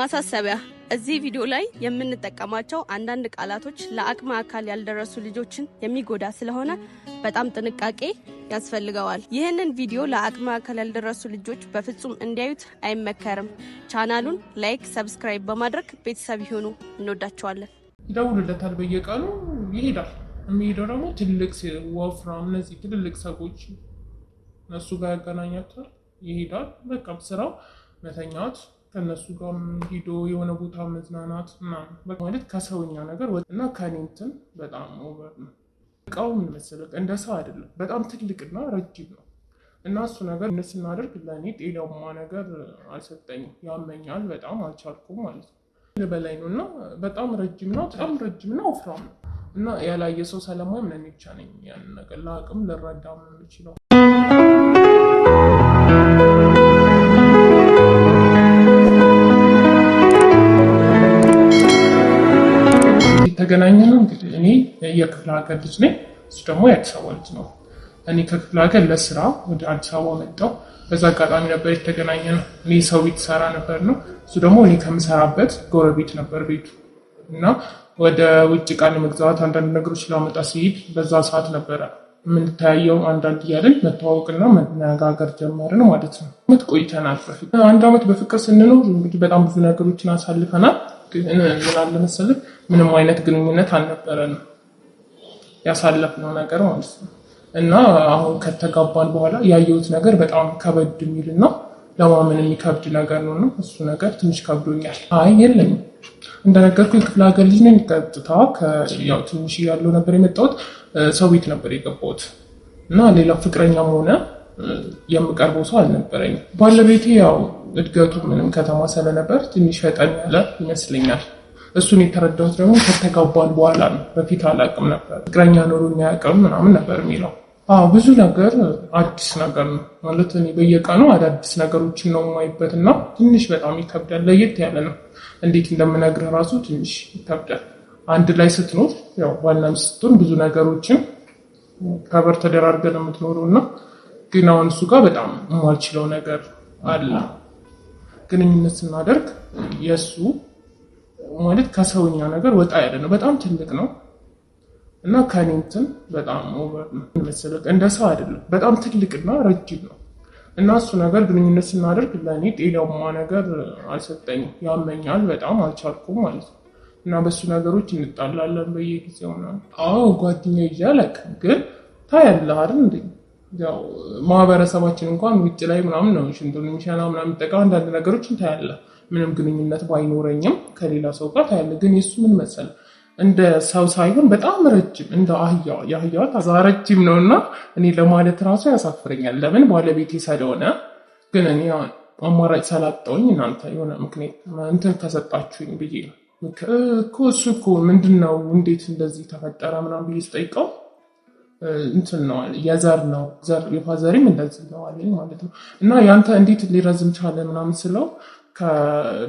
ማሳሰቢያ እዚህ ቪዲዮ ላይ የምንጠቀማቸው አንዳንድ ቃላቶች ለአቅመ አካል ያልደረሱ ልጆችን የሚጎዳ ስለሆነ በጣም ጥንቃቄ ያስፈልገዋል። ይህንን ቪዲዮ ለአቅመ አካል ያልደረሱ ልጆች በፍጹም እንዲያዩት አይመከርም። ቻናሉን ላይክ፣ ሰብስክራይብ በማድረግ ቤተሰብ ይሆኑ። እንወዳቸዋለን። ይደውልለታል፣ በየቀኑ ይሄዳል። የሚሄደው ደግሞ ትልቅ ወፍራም፣ እነዚህ ትልልቅ ሰዎች እነሱ ጋር ያገናኛቸዋል። ይሄዳል። በቃ ስራው መተኛት ከነሱ ጋር ሂዶ የሆነ ቦታ መዝናናት ማለት ከሰውኛ ነገር እና ከኔ እንትን በጣም ኦቨር ነው። እቃው ምን መሰለህ እንደ ሰው አይደለም፣ በጣም ትልቅና ረጅም ነው እና እሱ ነገር እነ ስናደርግ ለእኔ ጤናማ ነገር አልሰጠኝም። ያመኛል፣ በጣም አልቻልኩም ማለት ነው። በላይ ነው እና በጣም ረጅም ነው፣ በጣም ረጅም ነው፣ ወፍራም ነው እና ያላየ ሰው ሰለሞን ነን ብቻ ነኝ ያን ነገር ለአቅም ልረዳ የምችለው የተገናኘ ነው። እንግዲህ እኔ የክፍለ ሀገር ልጅ ነኝ፣ እሱ ደግሞ የአዲስ አበባ ልጅ ነው። እኔ ከክፍለ ሀገር ለስራ ወደ አዲስ አበባ መጣው በዛ አጋጣሚ ነበር የተገናኘ ነው። እኔ ሰው ቤት ሰራ ነበር ነው፣ እሱ ደግሞ እኔ ከምሰራበት ጎረቤት ነበር ቤቱ እና ወደ ውጭ ቃል መግዛት አንዳንድ ነገሮች ላመጣ ሲሄድ በዛ ሰዓት ነበረ የምንተያየው። አንዳንድ እያለን መተዋወቅና መነጋገር ጀመርን ማለት ነው። ዓመት ቆይተናል። በፍቅር አንድ አመት በፍቅር ስንኖር እንግዲህ በጣም ብዙ ነገሮችን አሳልፈናል። ምናለ መሰለህ ምንም አይነት ግንኙነት አልነበረንም ያሳለፍነው ነገር ማለት ነው። እና አሁን ከተጋባን በኋላ ያየሁት ነገር በጣም ከበድ የሚልና ለማመን የሚከብድ ነገር ነው። እሱ ነገር ትንሽ ከብዶኛል። አይ የለኝም እንደነገርኩ የክፍለ ሀገር ልጅ ነኝ። ቀጥታ ያው ትንሽ ያለው ነበር የመጣሁት ሰው ቤት ነበር የገባሁት እና ሌላ ፍቅረኛም ሆነ የምቀርበው ሰው አልነበረኝም። ባለቤቴ ያው እድገቱ ምንም ከተማ ስለነበር ትንሽ ፈጠን ያለ ይመስለኛል። እሱን የተረዳሁት ደግሞ ከተጋባን በኋላ ነው። በፊት አላውቅም ነበር። ፍቅረኛ ኖሮ የሚያውቅም ምናምን ነበር የሚለው። አዎ ብዙ ነገር አዲስ ነገር ነው ማለት እኔ በየቀኑ አዳዲስ ነገሮችን ነው የማይበት እና ትንሽ በጣም ይከብዳል። ለየት ያለ ነው። እንዴት እንደምነግር ራሱ ትንሽ ይከብዳል። አንድ ላይ ስትኖር ያው ስትን ስትሆን ብዙ ነገሮችን ከበር ተደራርገን የምትኖረው እና ግን አሁን እሱ ጋር በጣም የማልችለው ነገር አለ። ግንኙነት ስናደርግ የእሱ ማለት ከሰውኛ ነገር ወጣ ያለ ነው። በጣም ትልቅ ነው እና ከኔ እንትን በጣም ኦቨር ነው መሰለህ። እንደ ሰው አይደለም። በጣም ትልቅና ረጅም ነው እና እሱ ነገር ግንኙነት ስናደርግ ለእኔ ጤናማ ነገር አልሰጠኝም። ያመኛል፣ በጣም አልቻልኩም ማለት ነው እና በሱ ነገሮች እንጣላለን በየጊዜው ምናምን። አዎ ጓደኛ እያለቅ ግን ታያለህ አይደል እንደ ያው ማህበረሰባችን እንኳን ውጭ ላይ ምናምን ነው ሽንቱን የሚሸና ምናምን የሚጠቀም አንዳንድ ነገሮች እንታያለ። ምንም ግንኙነት ባይኖረኝም ከሌላ ሰው ጋር ታያለ። ግን የሱ ምን መሰለ እንደ ሰው ሳይሆን በጣም ረጅም እንደ አህያ የአህያ ታዛ ረጅም ነው እና እኔ ለማለት ራሱ ያሳፍረኛል። ለምን ባለቤቴ ስለሆነ። ግን እኔ አማራጭ ሰላጠውኝ እናንተ የሆነ ምክንያት እንትን ከሰጣችሁኝ ብዬ ነው እኮ እሱ እኮ ምንድን ነው እንዴት እንደዚህ ተፈጠረ ምናምን ብዬ ስጠይቀው እንትን ነው የዘር ነው ዘር የውሃ ዘሬም እንደዚህ ነው አለኝ ማለት ነው። እና ያንተ እንዴት ሊረዝም ቻለ ምናምን ስለው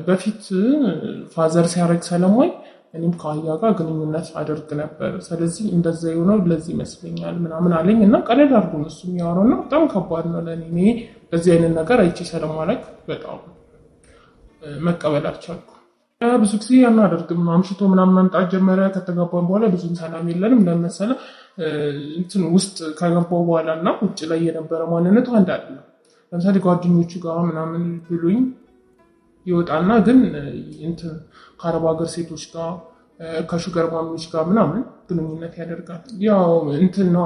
በፊት ፋዘር ሲያደርግ ሰለሞይ እኔም ከአህያ ጋር ግንኙነት አደርግ ነበር። ስለዚህ እንደዛ የሆነው ለዚህ ይመስለኛል ምናምን አለኝ እና ቀለል አድርጎ እሱ የሚያወራው እና በጣም ከባድ ነው ለእኔ። እኔ በዚህ አይነት ነገር አይቼ ሰለማለክ በጣም መቀበል አልቻልኩ። ብዙ ጊዜ አናደርግም አምሽቶ ምናምን መምጣት ጀመረ። ከተጋባን በኋላ ብዙም ሰላም የለንም ለመሰለ እንትን ውስጥ ከገባው በኋላ እና ውጭ ላይ የነበረ ማንነቱ አንድ አይደለም። ለምሳሌ ጓደኞቹ ጋር ምናምን ብሉኝ ይወጣና ግን እንትን ከአረብ ሀገር ሴቶች ጋር ከሹገር ማሚዎች ጋር ምናምን ግንኙነት ያደርጋል። ያው እንትና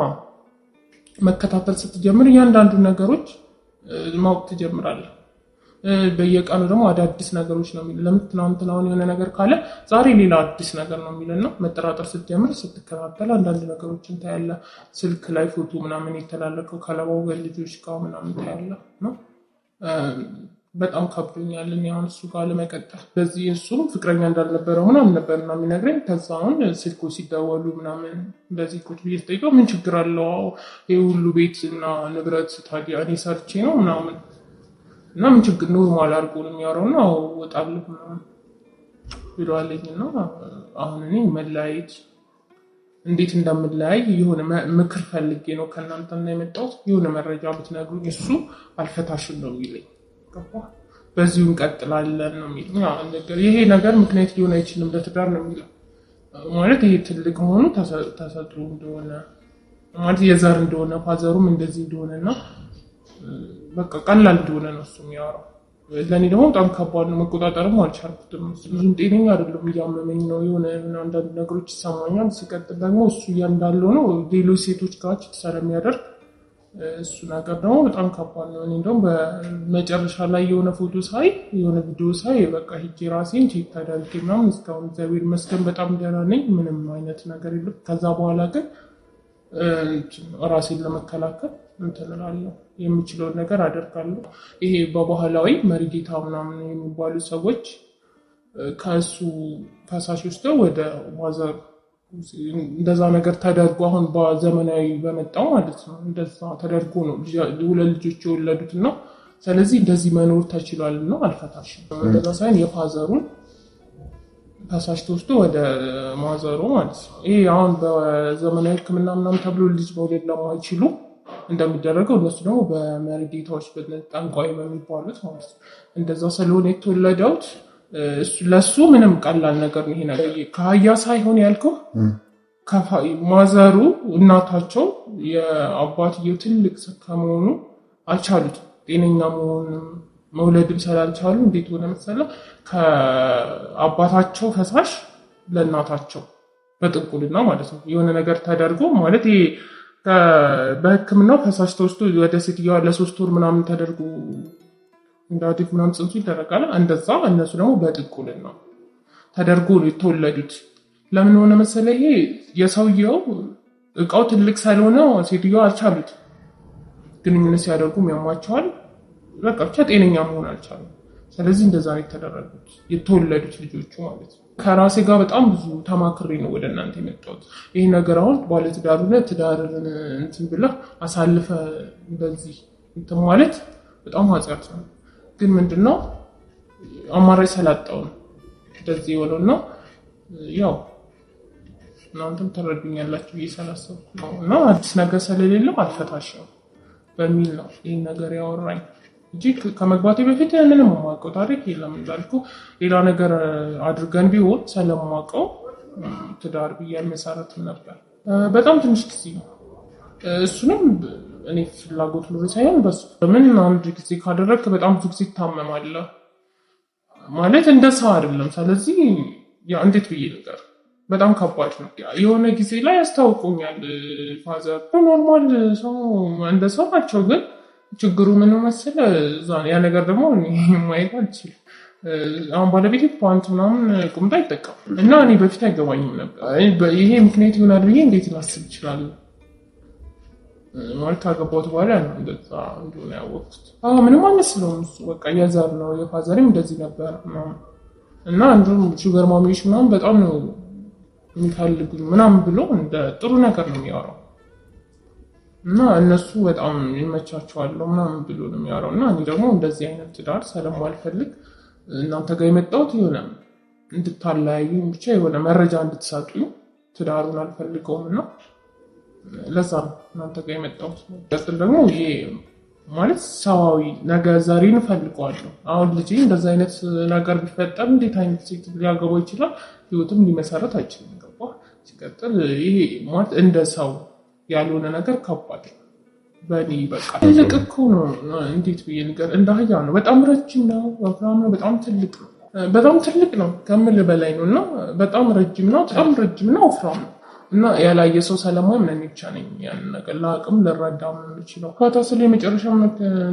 መከታተል ስትጀምር እያንዳንዱ ነገሮች ማወቅ ትጀምራለህ። በየቀኑ ደግሞ አዳዲስ ነገሮች ነው የሚል ለምን ትናንትናውን የሆነ ነገር ካለ ዛሬ ሌላ አዲስ ነገር ነው የሚል ነው። መጠራጠር ስትጀምር ስትከታተል አንዳንድ ነገሮችን ታያለ። ስልክ ላይ ፎቶ ምናምን የተላለቀው ከለባው ልጆች ጋር ምናምን ታያለ ነው በጣም ከብዶኛል። እኔ አሁን እሱ ጋር ለመቀጠል በዚህ እሱ ፍቅረኛ እንዳልነበረ ምናምን ነበር እና የሚነግረኝ። ከዛ አሁን ስልኮ ሲደወሉ ምናምን በዚህ ቁጭ ብዬ ስጠይቀው ምን ችግር አለው ይህ ሁሉ ቤት እና ንብረት ታዲያ እኔ ሰርቼ ነው ምናምን እና ምን ችግር ኖርማል አድርጎ ነው የሚያወራው እና አሁ ወጣልህ ምናምን ብለዋለኝ እና አሁን እኔ መለያየት እንዴት እንደምለያይ የሆነ ምክር ፈልጌ ነው ከእናንተ እና የመጣሁት። የሆነ መረጃ ብትነግሩኝ እሱ አልፈታሽም ነው ይለኝ። በዚሁ እንቀጥላለን ነው የሚለው። ይሄ ነገር ምክንያት ሊሆን አይችልም ለትዳር ነው የሚለው። ማለት ይሄ ትልቅ መሆኑ ተሰጥሮ እንደሆነ ማለት የዘር እንደሆነ ፋዘሩም እንደዚህ እንደሆነ እና በቃ ቀላል እንደሆነ ነው እሱ የሚያወራው። ለእኔ ደግሞ በጣም ከባድ ነው፣ መቆጣጠርም አልቻልኩትም። ብዙም ጤነኛ አይደለም፣ እያመመኝ ነው። የሆነ አንዳንድ ነገሮች ይሰማኛል። ስቀጥል ደግሞ እሱ እያንዳለው ነው ሌሎች ሴቶች ጋር ስለሚያደርግ እሱ ነገር ደግሞ በጣም ከባድ ነው። እኔ እንደውም በመጨረሻ ላይ የሆነ ፎቶ ሳይ የሆነ ቪዲዮ ሳይ በቃ ሂጄ ራሴን ቼክ ታዳርጌ ምናምን እስካሁን እግዚአብሔር ይመስገን በጣም ደህና ነኝ። ምንም አይነት ነገር የለም። ከዛ በኋላ ግን ራሴን ለመከላከል እንትን እላለሁ የምችለውን ነገር አደርጋለሁ። ይሄ በባህላዊ መሪጌታ ምናምን የሚባሉ ሰዎች ከእሱ ፈሳሽ ውስጥ ወደ ማዘር እንደዛ ነገር ተደርጎ አሁን በዘመናዊ በመጣው ማለት ነው እንደዛ ተደርጎ ነው ሁለት ልጆች የወለዱት ነው። ስለዚህ እንደዚህ መኖር ተችሏል ነው አልፈታሽም እንደዛ ሳይሆን የፋዘሩን ፈሳሽ ተወስዶ ወደ ማዘሩ ማለት ነው። ይሄ አሁን በዘመናዊ ሕክምና ምናምን ተብሎ ልጅ መውለድ ለማይችሉ እንደሚደረገው እነሱ ደግሞ በመሪጌታዎች ጠንቋይ በሚባሉት ማለት እንደዛ ስለሆነ የተወለደውት ለሱ ምንም ቀላል ነገር ነው ይሄ ነገር። ከአህያ ሳይሆን ያልከው ማዘሩ እናታቸው የአባትየው ትልቅ ከመሆኑ አልቻሉት ጤነኛ መሆኑንም መውለድም ስላልቻሉ እንዴት ሆነ መሰለህ? ከአባታቸው ፈሳሽ ለእናታቸው በጥንቁልና ማለት ነው የሆነ ነገር ተደርጎ ማለት በህክምናው ፈሳሽ ተወስዶ ወደ ሴትዮዋ ለሶስት ወር ምናምን ተደርጎ እንዳዲፍ ምናምን ጽንሱ ይደረጋል። እንደዛ እነሱ ደግሞ ነው ተደርጎ ነው የተወለዱት። ለምን ሆነ መሰለ ይሄ የሰውየው እቃው ትልቅ ስለሆነ ሴትዮ አልቻሉት። ግንኙነት ሲያደርጉም ያሟቸዋል። በቃ ብቻ ጤነኛ መሆን አልቻሉም። ስለዚህ እንደዛ ነው የተደረጉት የተወለዱት ልጆቹ ማለት ነው። ከራሴ ጋር በጣም ብዙ ተማክሬ ነው ወደ እናንተ የመጣሁት። ይህ ነገር አሁን ባለትዳር ነ ትዳርን እንትን ብለህ አሳልፈ እንደዚህ እንትን ማለት በጣም ኃጢአት ነው። ግን ምንድን ነው አማራጭ ሰላጣው ነው እንደዚህ የሆነው ነው። ያው እናንተም ተረዱኛላችሁ እየሰላሰብኩ ነው እና አዲስ ነገር ስለሌለው አልፈታሽም በሚል ነው ይህን ነገር ያወራኝ። እንጂ ከመግባቴ በፊት ምንም የማውቀው ታሪክ የለም። እንዳልኩ ሌላ ነገር አድርገን ቢሆን ስለማውቀው ትዳር ብዬ አልመሰረትም ነበር። በጣም ትንሽ ጊዜ ነው። እሱንም እኔ ፍላጎት ኑሮ ሳይሆን በሱ አንድ ጊዜ ካደረግክ በጣም ብዙ ጊዜ ይታመማለህ ማለት እንደ ሰው አይደለም። ስለዚህ እንዴት ብዬ ነገር በጣም ከባድ ነው። የሆነ ጊዜ ላይ ያስታውቁኛል ፋዘር። ኖርማል ሰው እንደ ሰው ናቸው ግን ችግሩ ምን መሰለ፣ ያ ነገር ደግሞ ማየት አልችልም። አሁን ባለቤት ፓንት ምናምን ቁምጣ አይጠቀም እና እኔ በፊት አይገባኝም ነበር። ይሄ ምክንያት ይሆናል ብዬ እንዴት ላስብ ይችላለሁ? ማለት ካገባሁት በኋላ ነው እንደዛ እንደሆነ ያወቅኩት። ምንም አልመስለውም እሱ በቃ የዘር ነው። የፋዘሪም እንደዚህ ነበር እና እንዲሁም ሹገር ማሚዎች ምናምን በጣም ነው የሚፈልጉኝ ምናምን ብሎ እንደ ጥሩ ነገር ነው የሚያወራው እና እነሱ በጣም ይመቻቸዋለሁ ምናምን ብሎ ነው የሚያወራው። እና እኔ ደግሞ እንደዚህ አይነት ትዳር ስለማልፈልግ እናንተ ጋር የመጣሁት የሆነ እንድታለያዩኝ ብቻ የሆነ መረጃ እንድትሰጡ ትዳሩን አልፈልገውም እና ለዛ ነው እናንተ ጋር የመጣሁት። ቀጥል ደግሞ ይሄ ማለት ሰዋዊ ነገር ዛሬን እፈልገዋለሁ። አሁን ልጅ እንደዚ አይነት ነገር ቢፈጠር እንዴት አይነት ሴት ሊያገባው ይችላል? ህይወትም ሊመሰረት አይችልም። ገባ ሲቀጥል ይሄ ማለት እንደ ሰው ያልሆነ ነገር ከባድ ነው። በእኔ በቃ ትልቅ እኮ ነው። እንዴት ብዬ ነገር እንደ አህያ ነው። በጣም ረጅም ነው፣ ወፍራም ነው፣ በጣም ትልቅ ነው። በጣም ትልቅ ነው ከምል በላይ ነው። እና በጣም ረጅም ነው፣ በጣም ረጅም ነው፣ ወፍራም ነው። እና ያላየ ሰው ሰለማ ምን ብቻ ነኝ። ያን ነገር ለአቅም ልረዳ የምችለው ከታ ስለ የመጨረሻ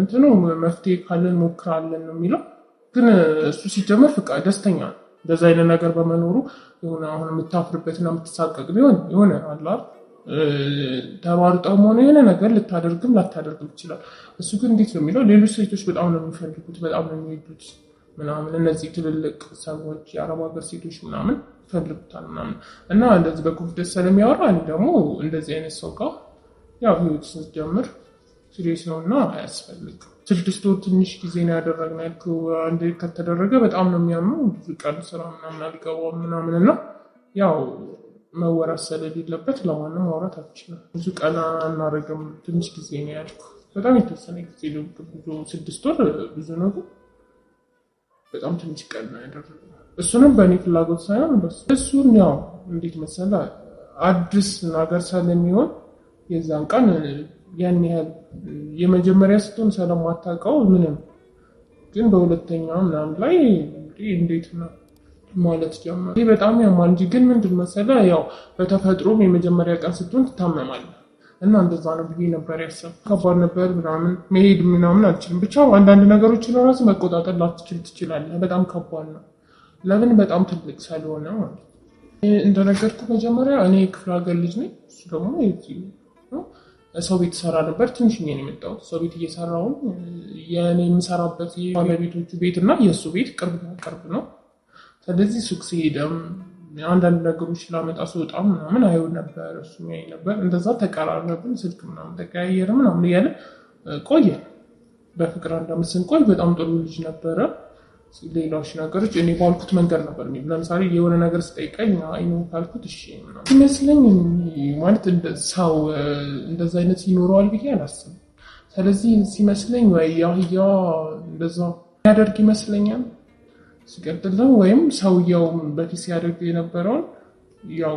እንትኑ መፍትሄ ካለን ሞክራለን ነው የሚለው። ግን እሱ ሲጀመር ፍቃ ደስተኛ ነው እንደዚ አይነት ነገር በመኖሩ የሆነ አሁን የምታፍርበትና የምትሳቀቅ ቢሆን የሆነ አላል ተማርጣም ሆነ የሆነ ነገር ልታደርግም ላታደርግም ይችላል። እሱ ግን እንዴት ነው የሚለው ሌሎች ሴቶች በጣም ነው የሚፈልጉት፣ በጣም ነው የሚወዱት ምናምን እነዚህ ትልልቅ ሰዎች የአረብ ሀገር ሴቶች ምናምን ይፈልጉታል ምናምን እና እንደዚህ በኮንፊደንስ ስለሚያወራ እኔ ደግሞ እንደዚህ አይነት ሰው ጋር ያው ህይወት ስትጀምር ሲሪየስ ነው እና አያስፈልግም። ስድስት ወር ትንሽ ጊዜ ነው ያደረግነው ያልኩህ። አንድ ከተደረገ በጣም ነው የሚያምነው። ብዙ ቀን ስራ ምናምን አልገባም ምናምን እና ያው መወራት ስለሌለበት ለማንም ማውራት አልችልም። ብዙ ቀና አናደርግም። ትንሽ ጊዜ ነው ያልኩ። በጣም የተወሰነ ጊዜ ብዙ ስድስት ወር ብዙ ነው፣ በጣም ትንሽ ቀን ነው እሱንም በእኔ ፍላጎት ሳይሆን እሱን ያው እንዴት መሰለ አዲስ ነገር ስለሚሆን የዛን ቀን ያን ያህል የመጀመሪያ ስትሆን ስለማታውቀው ምንም፣ ግን በሁለተኛው ምናምን ላይ እንዴት ነው ማለት ጀመር። ይህ በጣም ያማል እንጂ ግን ምንድን መሰለ ያው በተፈጥሮ የመጀመሪያ ቀን ስትሆን ትታመማለህ እና እንደዛ ነው ብዬ ነበር ያሰብ። ከባድ ነበር ምናምን መሄድ ምናምን አልችልም። ብቻ አንዳንድ ነገሮችን ለራሱ መቆጣጠር ላትችል ትችላለህ። በጣም ከባድ ነው። ለምን በጣም ትልቅ ስለሆነ ማለት እንደነገርኩ መጀመሪያ እኔ የክፍለ ሀገር ልጅ ነኝ። እሱ ደግሞ ሰው ቤት ሰራ ነበር። ትንሽ ነው የመጣው ሰው ቤት እየሰራውን የእኔ የምሰራበት ባለቤቶቹ ቤት እና የእሱ ቤት ቅርብ ቅርብ ነው ስለዚህ ሱቅ ሲሄደም አንዳንድ ነገሮች ላመጣ ስወጣ ምናምን አይሆን ነበር። እሱ ያይ ነበር። እንደዛ ተቀራረብን፣ ስልክ ምናምን ተቀያየር ምናምን እያለ ቆየ። በፍቅር አንድ ስንቆይ በጣም ጥሩ ልጅ ነበረ። ሌሎች ነገሮች እኔ ባልኩት መንገድ ነበር። ለምሳሌ የሆነ ነገር ስጠይቀኝ አይኖ ካልኩት እሺ ሲመስለኝ ማለት ሰው እንደዛ አይነት ይኖረዋል ብዬ አላስብም። ስለዚህ ሲመስለኝ ወይ ያህያ እንደዛ ያደርግ ይመስለኛል። ሲቀጥል ወይም ሰውየውም በፊት ሲያደርግ የነበረውን ያው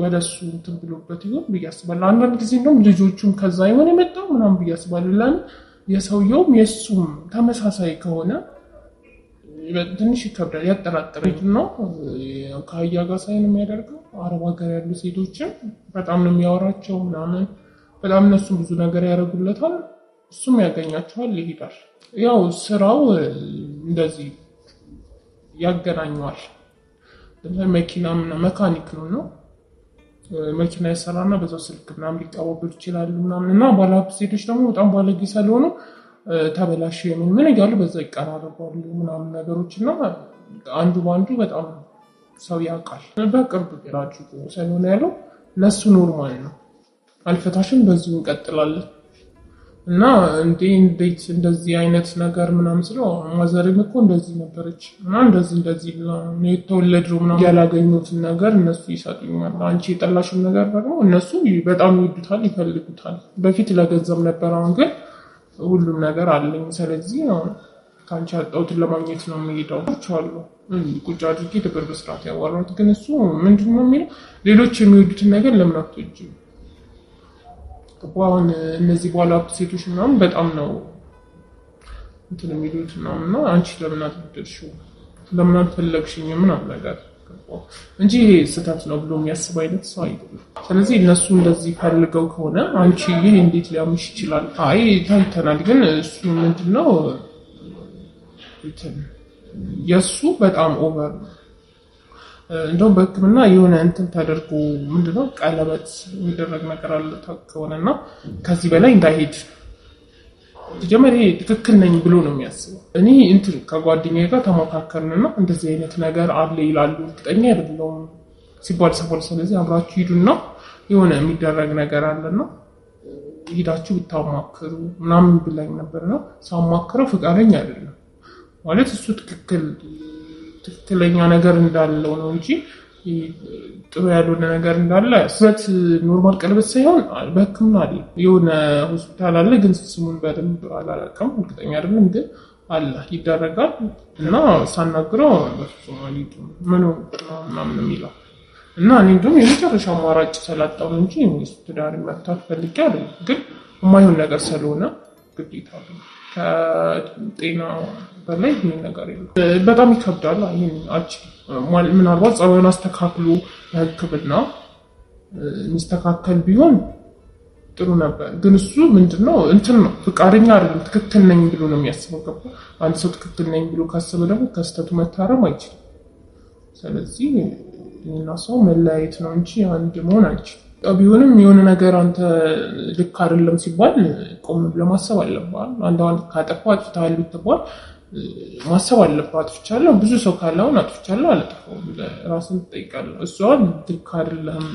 ወደ እሱ እንትን ብሎበት ይሆን ብዬ አስባለሁ። አንዳንድ ጊዜ እንደውም ልጆቹም ከዛ ይሆን የመጣው ምናምን ብዬ አስባለሁ። ለምን የሰውየውም የእሱም ተመሳሳይ ከሆነ ትንሽ ይከብዳል፣ ያጠራጥረኝ ነው። ከአህያ ጋር ሳይን የሚያደርገው አረብ ሀገር ያሉ ሴቶችን በጣም ነው የሚያወራቸው ምናምን፣ በጣም እነሱ ብዙ ነገር ያደርጉለታል፣ እሱም ያገኛቸዋል፣ ይሄዳል። ያው ስራው እንደዚህ ያገናኘዋል። ለምሳሌ መኪና መካኒክ ነው ነው መኪና የሰራና በዛው ስልክ ምናምን ሊቀባበሉ ይችላሉ ምናምን እና ባለሀብት ሴቶች ደግሞ በጣም ባለጌ ስለሆኑ ተበላሽ የሚል ምን እያሉ በዛ ይቀራረባሉ ምናምን ነገሮች እና አንዱ በአንዱ በጣም ሰው ያውቃል። በቅርብ ቢራችሁ ስለሆነ ያለው ለሱ ኖርማል ነው። አልፈታሽም፣ በዚሁ እንቀጥላለን። እና እንዴ እንዴት እንደዚህ አይነት ነገር ምናምን ስለው ማዘሬም እኮ እንደዚህ ነበረች እና እንደዚህ እንደዚህ የተወለድነው ምናምን ያላገኙትን ነገር እነሱ ይሰጡኛል። አንቺ የጠላሽን ነገር ደግሞ እነሱ በጣም ይወዱታል፣ ይፈልጉታል። በፊት ለገንዘብ ነበር፣ አሁን ግን ሁሉም ነገር አለኝ። ስለዚህ ከአንቺ ያጣሁትን ለማግኘት ነው የሚሄደው አሉ። ቁጭ አድርጌ ድብር በስርዓት ያዋራሁት ግን እሱ ምንድን ነው የሚለው ሌሎች የሚወዱትን ነገር ለምን አትወጂም አሁን እነዚህ በኋላ ሴቶች ምናምን በጣም ነው እንትን የሚሉት ምናምን እና አንቺ ለምን አልወደድሽው ለምን አልፈለግሽኝ ምናምን ነገር እንጂ ይሄ ስህተት ነው ብሎ የሚያስብ አይነት ሰው አይደለም። ስለዚህ እነሱ እንደዚህ ፈልገው ከሆነ አንቺ ይህ እንዴት ሊያምሽ ይችላል? አይ ታይተናል። ግን እሱ ምንድነው የእሱ በጣም ኦቨር ነው እንደውም በህክምና የሆነ እንትን ታደርጉ ምንድነው ቀለበት የሚደረግ ነገር አለ ከሆነ ከሆነና ከዚህ በላይ እንዳይሄድ ተጀመሪ ትክክል ነኝ ብሎ ነው የሚያስበው። እኔ እንትን ከጓደኛ ጋር ተመካከርንና እንደዚህ አይነት ነገር አለ ይላሉ፣ እርግጠኛ አይደለውም ሲባል ሰባል፣ ስለዚህ አብራችሁ ሂዱና የሆነ የሚደረግ ነገር አለና ሄዳችሁ ብታማክሩ ምናምን ብላኝ ነው ሳማክረው ፈቃደኛ አይደለም ማለት እሱ ትክክል ትክክለኛ ነገር እንዳለው ነው እንጂ ጥሩ ያልሆነ ነገር እንዳለ ስበት ኖርማል ቀለበት ሳይሆን በህክምና አለ። የሆነ ሆስፒታል አለ፣ ግን ስሙን በደንብ አላረቀም፣ እርግጠኛ አይደለም፣ ግን አለ ይደረጋል። እና ሳናግረው ምኑ ምናምን የሚለው እና እኔ እንዲሁም የመጨረሻ አማራጭ ሰላጣው እንጂ ትዳሪ መታት ፈልጌ አይደለም፣ ግን የማይሆን ነገር ስለሆነ ግዴታ ከጤና በላይ ምንም ነገር የለም። በጣም ይከብዳል። ምናልባት ጸባዩን አስተካክሎ ሕክምና የሚስተካከል ቢሆን ጥሩ ነበር። ግን እሱ ምንድን ነው እንትን ነው ፍቃደኛ አይደለም። ትክክል ነኝ ብሎ ነው የሚያስበው። ገባ? አንድ ሰው ትክክል ነኝ ብሎ ካሰበ ደግሞ ከስተቱ መታረም አይችልም። ስለዚህ ይህና ሰው መለያየት ነው እንጂ አንድ መሆን አይችልም። ቢሆንም የሆነ ነገር አንተ ልክ አይደለም ሲባል ቆም ብለህ ማሰብ አለብህ። አንድ አንድ ካጠፋህ አጥፍተሃል ብትባል ማሰብ አለብህ። አጥፍቻለሁ፣ ብዙ ሰው ካለ አሁን አጥፍቻለሁ አላጠፋሁም ራስን ትጠይቃለህ። እሷ ልክ አይደለህም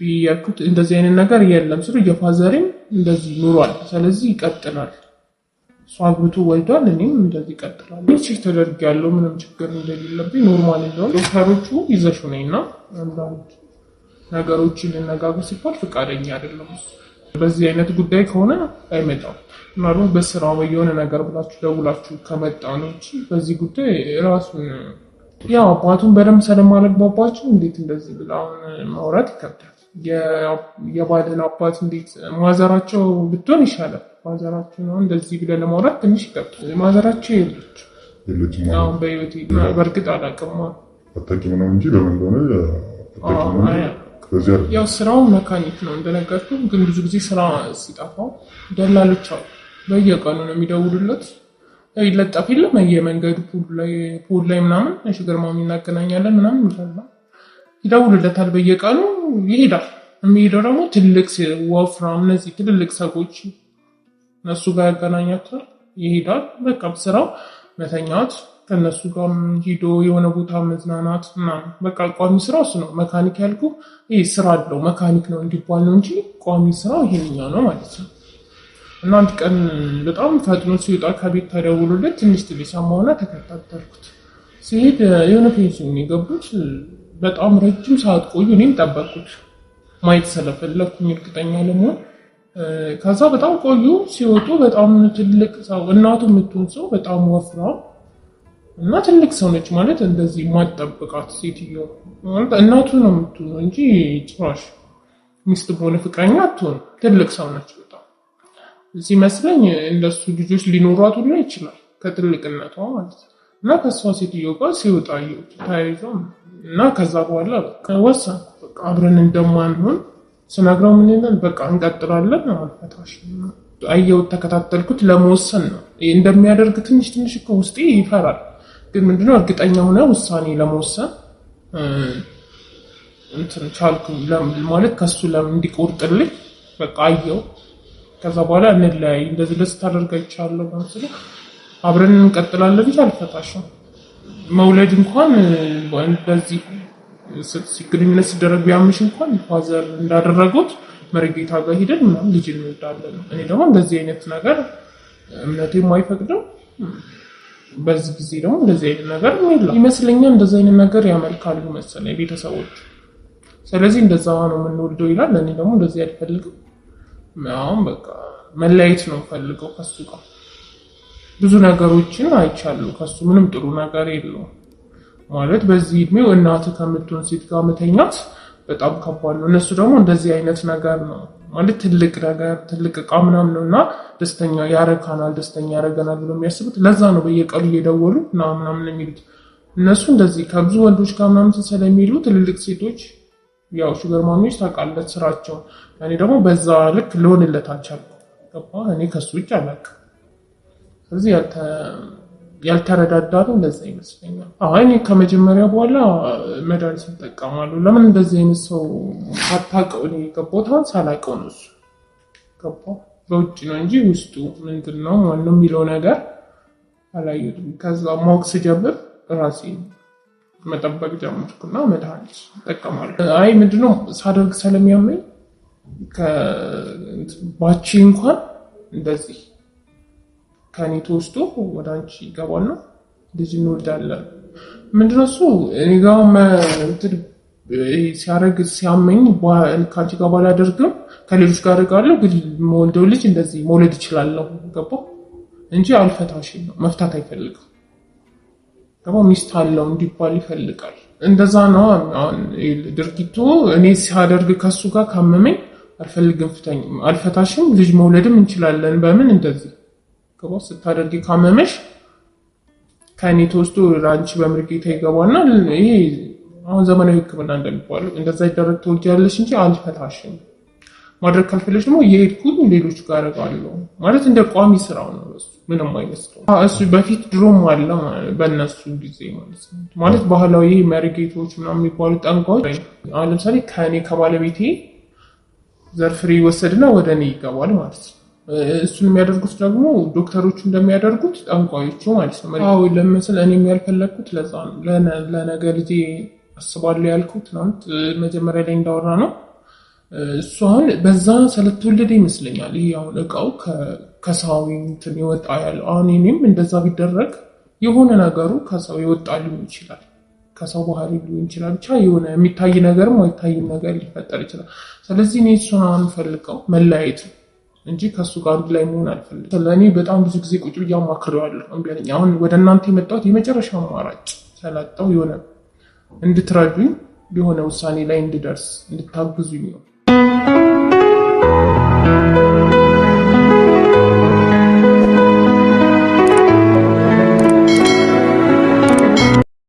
ብያችሁት እንደዚህ አይነት ነገር የለም ስሉ የፋዘሬም እንደዚህ ኑሯል። ስለዚህ ይቀጥላል። እሷ አግብቶ ወልዷል፣ እኔም እንደዚህ ይቀጥላል። ቼክ ተደርግ ያለው ምንም ችግር እንደሌለብኝ ኖርማል እንደሆነ ዶክተሮቹ ይዘሽ ነኝ እና አንዳንድ ነገሮችን እንነጋገር ሲባል ፈቃደኛ አይደለም። በዚህ አይነት ጉዳይ ከሆነ አይመጣም። ምናልባት በስራ ወይ የሆነ ነገር ብላችሁ ደውላችሁ ከመጣ ነው እንጂ በዚህ ጉዳይ ራሱን ያው አባቱን በደንብ ስለማልግባባቸው እንዴት እንደዚህ ብላ አሁን ማውራት ይከብዳል። የባልን አባት እንዴት ማዘራቸው ብትሆን ይሻላል። ማዘራቸው ነው እንደዚህ ብለ ለማውራት ትንሽ ይከብዳል። ማዘራቸው የለች አሁን በህይወት በእርግጥ አላውቅም። አታውቂም ነው እንጂ ለምን እንደሆነ ያው ስራው መካኒክ ነው እንደነገርኩ፣ ግን ብዙ ጊዜ ስራ ሲጠፋው ደላሎች አሉ በየቀኑ ነው የሚደውሉለት። ይለጠፍ የለም የመንገድ ፖል ላይ ምናምን እሺ፣ ግርማው እናገናኛለን ምናምን ይላል፣ ይደውሉለታል በየቀኑ ይሄዳል። የሚሄደው ደግሞ ትልቅ ወፍራም፣ እነዚህ ትልልቅ ሰዎች እነሱ ጋር ያገናኛቸዋል። ይሄዳል። በቃ ስራው መተኛት ከእነሱ ጋር ሂዶ የሆነ ቦታ መዝናናት ምናምን። በቃ ቋሚ ስራ እሱ ነው። መካኒክ ያልኩ ይህ ስራ አለው መካኒክ ነው እንዲባል ነው እንጂ ቋሚ ስራ ይሄንኛው ነው ማለት ነው። እና አንድ ቀን በጣም ፈጥኖ ሲወጣ ከቤት ተደውሎለት ትንሽ ትል ሰማሁና ተከታተልኩት። ሲሄድ የሆነ ፔንሲዮን የገቡት በጣም ረጅም ሰዓት ቆዩ። እኔም ጠበቅኩት ማየት ስለፈለግኩኝ እርግጠኛ ለመሆን ከዛ በጣም ቆዩ። ሲወጡ በጣም ትልቅ ሰው እናቱ የምትሆን ሰው በጣም ወፍራም እና ትልቅ ሰው ነች ማለት እንደዚህ የማትጠብቃት ሴትዮ ማለት እናቱ ነው የምትሆነው እንጂ ጭራሽ ሚስት በሆነ ፍቅረኛ አትሆን። ትልቅ ሰው ነች በጣም ሲመስለኝ፣ እንደሱ ልጆች ሊኖሯት ሁሉ ይችላል ከትልቅነቷ ማለት ነው። እና ከእሷ ሴትዮ ጋር ሲወጣ ተያይዞ እና ከዛ በኋላ ወሰንኩ በቃ አብረን እንደማንሆን ስነግረው ምን ይላል፣ በቃ እንቀጥላለን አልፈታሽ አየሁት፣ ተከታተልኩት ለመወሰን ነው እንደሚያደርግ ትንሽ ትንሽ ውስጤ ይፈራል ግን ምንድነው እርግጠኛ ሆነ ውሳኔ ለመወሰን እንትን ቻልኩ ማለት ከሱ ለምን እንዲቆርጥልኝ በቃ አየው። ከዛ በኋላ እንለያይ እንደዚህ ልስታደርግ አይቻለሁ በምስሉ አብረን እንቀጥላለን ብዬ አልፈታሽም። መውለድ እንኳን በዚህ ግንኙነት ሲደረግ ቢያምሽ እንኳን ፋዘር እንዳደረጉት መርጌታ ጋር ሂደን ምናምን ልጅ እንወልዳለን። እኔ ደግሞ እንደዚህ አይነት ነገር እምነቴ የማይፈቅደው በዚህ ጊዜ ደግሞ እንደዚህ አይነት ነገር የለም ይመስለኛል። እንደዚህ አይነት ነገር ያመልካሉ መሰለ ቤተሰቦች። ስለዚህ እንደዛ ነው የምንወልደው ይላል። እኔ ደግሞ እንደዚህ አልፈልግም። አሁን በቃ መለያየት ነው ፈልገው ከሱ ጋር ብዙ ነገሮችን አይቻሉ። ከሱ ምንም ጥሩ ነገር የለውም ማለት በዚህ እድሜው እናት ከምትሆን ሴት ጋር መተኛት በጣም ከባድ ነው። እነሱ ደግሞ እንደዚህ አይነት ነገር ነው ማለት ትልቅ ነገር ትልቅ እቃ ምናምን ነው እና ደስተኛ ያረካናል፣ ደስተኛ ያረገናል ብሎ የሚያስቡት ለዛ ነው። በየቀሉ እየደወሉ ና ምናምን የሚሉት እነሱ እንደዚህ ከብዙ ወንዶች ጋር ምናምን ስለሚሉ ትልልቅ ሴቶች ያው ሹገር ማሚዎች ታውቃለት ስራቸው። እኔ ደግሞ በዛ ልክ ልሆንለት አልቻልኩም። እኔ ከሱ ውጭ አላውቅም። ስለዚህ ያልተረዳዳ ነው። ለዛ ይመስለኛል። አይ ከመጀመሪያ በኋላ መድኃኒት ይጠቀማሉ። ለምን እንደዚህ አይነት ሰው ሳታውቀው ነው የገባሁት፣ ሳላውቀው ነው እሱ ገባሁ። በውጭ ነው እንጂ ውስጡ ምንድን ነው ዋናው የሚለው ነገር አላየሁትም። ከዛ ማወቅ ስጀምር ራሴ መጠበቅ ጀመርኩና መድኃኒት ይጠቀማሉ። አይ ምንድነው ሳደርግ ስለሚያመኝ ባቺ እንኳን እንደዚህ ከእኔ ተወስዶ ወደ አንቺ ይገባና ልጅ እንወልዳለን። ምንድነው እሱ እኔ ጋ ሲያደርግ ሲያመኝ ከአንቺ ጋር ባላደርግም ከሌሎች ጋር አደርጋለሁ፣ ግን መወልደው ልጅ እንደዚህ መውለድ ይችላለሁ። ገባ እንጂ አልፈታሽ ነው መፍታት አይፈልግም። ገባ ሚስት አለው እንዲባል ይፈልጋል። እንደዛ ነው ድርጊቱ። እኔ ሲያደርግ ከሱ ጋር ካመመኝ አልፈልግም፣ ፍታኝ፣ አልፈታሽም፣ ልጅ መውለድም እንችላለን። በምን እንደዚህ ግቦት ስታደርጊ ካመመሽ ከኔት ተወስዶ ለአንቺ በምርጌታ ይገባና ይሄ አሁን ዘመናዊ ሕክምና እንደሚባለው እንደዛ ይደረግ ትወጊያለሽ እንጂ አልፈታሽም። ማድረግ ካልፈለሽ ደግሞ እየሄድኩኝ ሌሎች ጋር አደርጋለሁ ማለት እንደ ቋሚ ስራው ነው። እሱ ምንም አይመስለው እሱ በፊት ድሮም አለ በእነሱ ጊዜ ማለት ነው። ማለት ባህላዊ መርጌቶች ምናምን የሚባሉ ጠንቋዎች አሁን ለምሳሌ ከእኔ ከባለቤቴ ዘርፍሬ ይወሰድና ወደ እኔ ይገባል ማለት ነው። እሱን የሚያደርጉት ደግሞ ዶክተሮቹ እንደሚያደርጉት ጠንቋዮቹ ማለት ነው። አዎ ለምስል እኔ የሚያልፈለግኩት ለዛ ነው። ለነገ ልጄ አስባለሁ ያልኩት ነው። መጀመሪያ ላይ እንዳወራ ነው እሱ አሁን በዛ ስለተወለደ ይመስለኛል። ይህ አሁን እቃው ከሰው እንትን ይወጣ ያለ አሁን እኔም እንደዛ ቢደረግ የሆነ ነገሩ ከሰው ይወጣ ሊሆን ይችላል፣ ከሰው ባህሪ ሊሆን ይችላል። ብቻ የሆነ የሚታይ ነገርም አይታይም ነገር ሊፈጠር ይችላል። ስለዚህ እኔ እሱን አሁን ፈልገው መለያየት ነው እንጂ ከእሱ ጋር አንድ ላይ መሆን አልፈልግም። ለእኔ በጣም ብዙ ጊዜ ቁጭ ብዬ አማክሬዋለሁ። እምቢ አለኝ። አሁን ወደ እናንተ የመጣሁት የመጨረሻ አማራጭ ሰላጣው የሆነ እንድትረዱኝ የሆነ ውሳኔ ላይ እንድደርስ እንድታግዙኝ ነው።